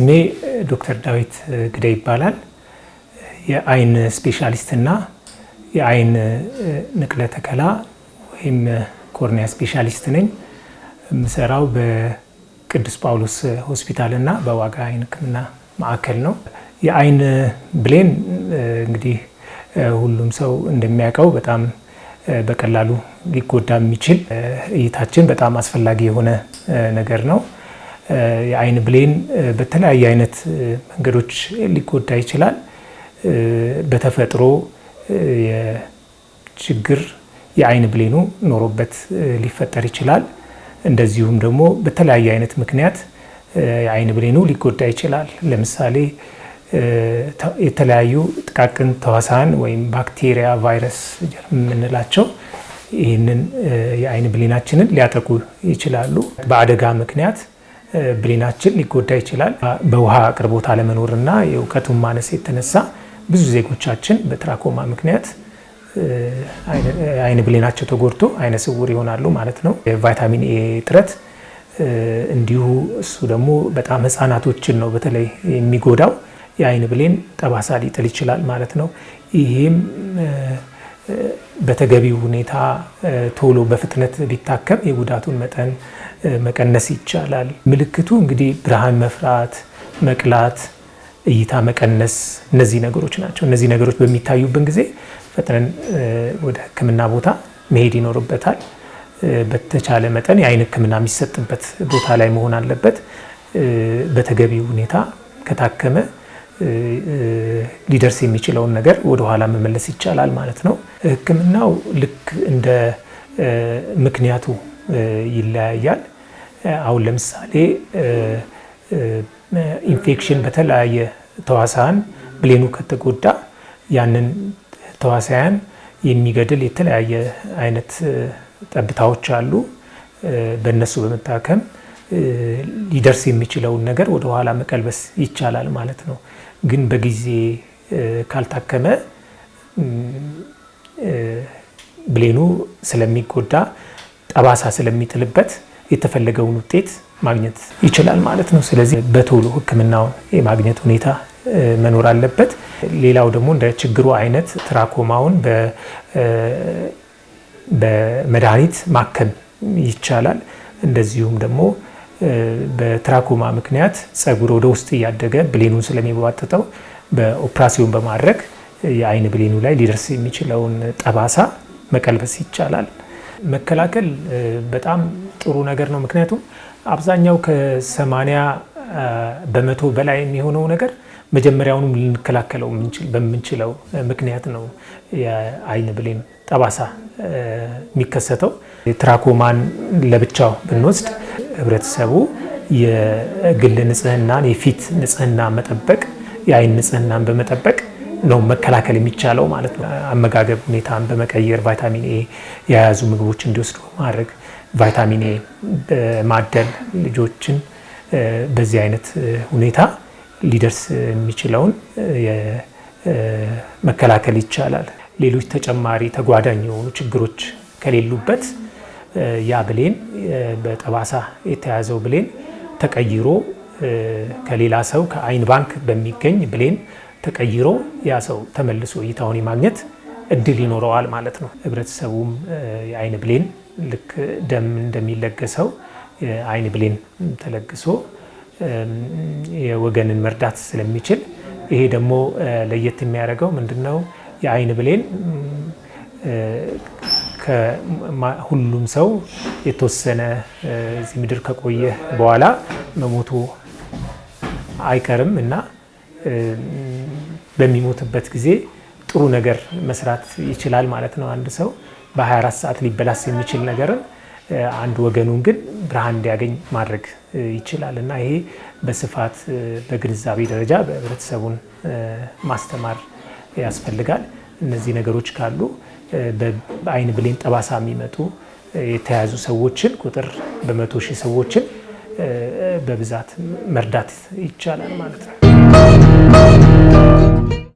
ስሜ ዶክተር ዳዊት ግደ ይባላል። የአይን ስፔሻሊስትና የአይን ንቅለ ተከላ ወይም ኮርኒያ ስፔሻሊስት ነኝ። የምሰራው በቅዱስ ጳውሎስ ሆስፒታልና በዋጋ አይን ሕክምና ማዕከል ነው። የአይን ብሌን እንግዲህ ሁሉም ሰው እንደሚያውቀው በጣም በቀላሉ ሊጎዳ የሚችል እይታችን በጣም አስፈላጊ የሆነ ነገር ነው። የአይን ብሌን በተለያየ አይነት መንገዶች ሊጎዳ ይችላል። በተፈጥሮ የችግር የአይን ብሌኑ ኖሮበት ሊፈጠር ይችላል። እንደዚሁም ደግሞ በተለያየ አይነት ምክንያት የአይን ብሌኑ ሊጎዳ ይችላል። ለምሳሌ የተለያዩ ጥቃቅን ተዋሳን ወይም ባክቴሪያ፣ ቫይረስ የምንላቸው ይህንን የአይን ብሌናችንን ሊያጠቁ ይችላሉ። በአደጋ ምክንያት ብሬናችን ሊጎዳ ይችላል። በውሃ አቅርቦት አለመኖርና የእውቀቱን ማነስ የተነሳ ብዙ ዜጎቻችን በትራኮማ ምክንያት አይን ብሌናቸው ተጎድቶ አይነ ስውር ይሆናሉ ማለት ነው። የቫይታሚን ኤ እጥረት እንዲሁ እሱ ደግሞ በጣም ህፃናቶችን ነው በተለይ የሚጎዳው። የአይን ብሌን ጠባሳ ሊጥል ይችላል ማለት ነው። ይህም በተገቢው ሁኔታ ቶሎ በፍጥነት ቢታከም የጉዳቱን መጠን መቀነስ ይቻላል። ምልክቱ እንግዲህ ብርሃን መፍራት፣ መቅላት፣ እይታ መቀነስ እነዚህ ነገሮች ናቸው። እነዚህ ነገሮች በሚታዩብን ጊዜ ፈጥነን ወደ ሕክምና ቦታ መሄድ ይኖርበታል። በተቻለ መጠን የአይን ሕክምና የሚሰጥበት ቦታ ላይ መሆን አለበት። በተገቢው ሁኔታ ከታከመ ሊደርስ የሚችለውን ነገር ወደኋላ መመለስ ይቻላል ማለት ነው። ህክምናው ልክ እንደ ምክንያቱ ይለያያል። አሁን ለምሳሌ ኢንፌክሽን በተለያየ ተዋሳያን ብሌኑ ከተጎዳ ያንን ተዋሳያን የሚገድል የተለያየ አይነት ጠብታዎች አሉ። በእነሱ በመታከም ሊደርስ የሚችለውን ነገር ወደኋላ መቀልበስ ይቻላል ማለት ነው። ግን በጊዜ ካልታከመ ብሌኑ ስለሚጎዳ ጠባሳ ስለሚጥልበት የተፈለገውን ውጤት ማግኘት ይችላል ማለት ነው። ስለዚህ በቶሎ ሕክምናውን የማግኘት ሁኔታ መኖር አለበት። ሌላው ደግሞ እንደ ችግሩ አይነት ትራኮማውን በመድኃኒት ማከም ይቻላል። እንደዚሁም ደግሞ በትራኮማ ምክንያት ጸጉር ወደ ውስጥ እያደገ ብሌኑን ስለሚቧጥጠው በኦፕራሲዮን በማድረግ የአይን ብሌኑ ላይ ሊደርስ የሚችለውን ጠባሳ መቀልበስ ይቻላል። መከላከል በጣም ጥሩ ነገር ነው። ምክንያቱም አብዛኛው ከሰማንያ በመቶ በላይ የሚሆነው ነገር መጀመሪያውንም ልንከላከለው በምንችለው ምክንያት ነው የአይን ብሌን ጠባሳ የሚከሰተው። ትራኮማን ለብቻው ብንወስድ ህብረተሰቡ የግል ንጽህናን፣ የፊት ንጽህና መጠበቅ፣ የአይን ንጽህናን በመጠበቅ ነው መከላከል የሚቻለው ማለት ነው። አመጋገብ ሁኔታን በመቀየር ቫይታሚን ኤ የያዙ ምግቦች እንዲወስዱ ማድረግ፣ ቫይታሚን ኤ ማደል ልጆችን በዚህ አይነት ሁኔታ ሊደርስ የሚችለውን መከላከል ይቻላል። ሌሎች ተጨማሪ ተጓዳኝ የሆኑ ችግሮች ከሌሉበት ያ ብሌን በጠባሳ የተያዘው ብሌን ተቀይሮ ከሌላ ሰው ከአይን ባንክ በሚገኝ ብሌን ተቀይሮ ያ ሰው ተመልሶ እይታውን የማግኘት እድል ይኖረዋል ማለት ነው። ህብረተሰቡም የአይን ብሌን ልክ ደም እንደሚለገሰው የአይን ብሌን ተለግሶ የወገንን መርዳት ስለሚችል ይሄ ደግሞ ለየት የሚያደርገው ምንድነው? የአይን ብሌን ሁሉም ሰው የተወሰነ እዚህ ምድር ከቆየ በኋላ መሞቱ አይቀርም እና በሚሞትበት ጊዜ ጥሩ ነገር መስራት ይችላል ማለት ነው። አንድ ሰው በ24 ሰዓት ሊበላስ የሚችል ነገርን አንድ ወገኑን ግን ብርሃን እንዲያገኝ ማድረግ ይችላል እና ይሄ በስፋት በግንዛቤ ደረጃ በህብረተሰቡን ማስተማር ያስፈልጋል። እነዚህ ነገሮች ካሉ በአይን ብሌን ጠባሳ የሚመጡ የተያዙ ሰዎችን ቁጥር በመቶ ሺህ ሰዎችን በብዛት መርዳት ይቻላል ማለት ነው።